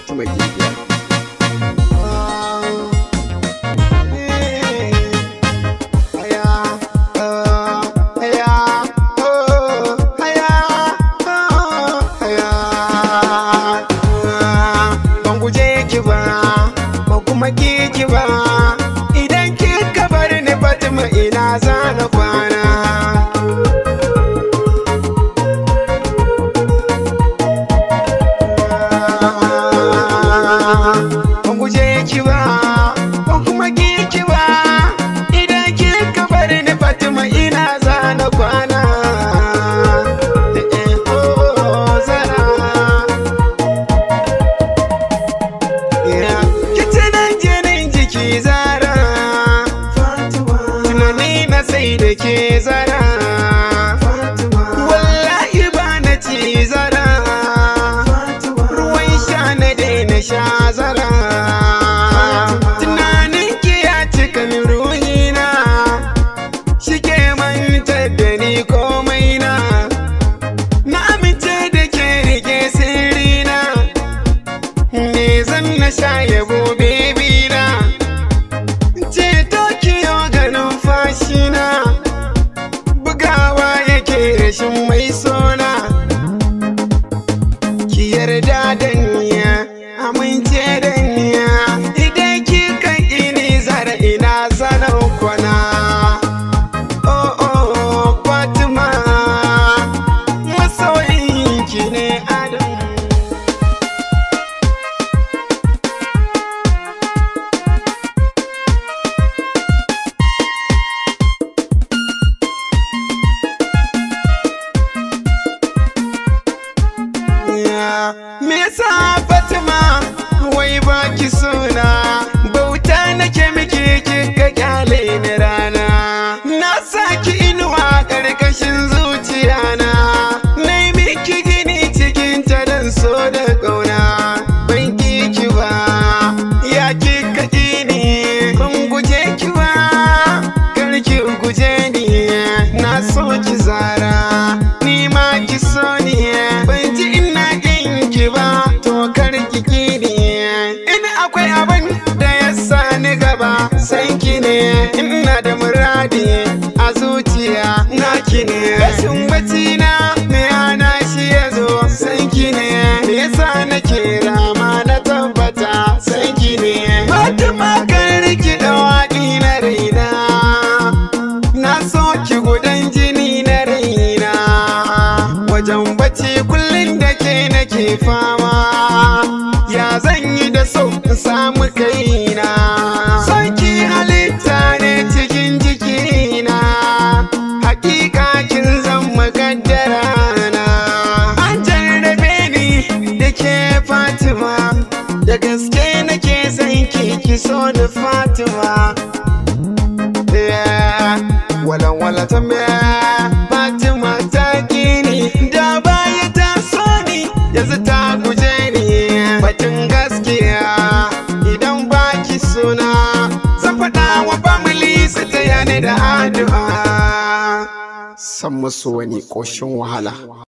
fatima gidiya kuma kiki ba idan kika bar ni fatima ina zana da ke zara wallahi ba na ci zara ruwan sha na daina sha zara tunanin ki ya cika min ruhina shike mantar da ni komai na na amince da ke rike sirrina me zan na sha yabo bugawa yake rashin mai sona ki yarda da ni me yasa Fatima wai baki ki ne rashin bacci na me hana shi ya zo san ne me yasa nake rama na tabbata san ki ne fatima kan riki da waƙi na raina na so gudan jini na raina wajen bacci kullum da ke nake fama ya zan yi da so samu da gaske nake son ki ki so da fatima Wala-wala ta me fatima ta gini da baya ta so ni yanzu ta guje ni batun gaskiya idan baki suna zan faɗa wa family su ta da addu'a san masu wani ƙoshin wahala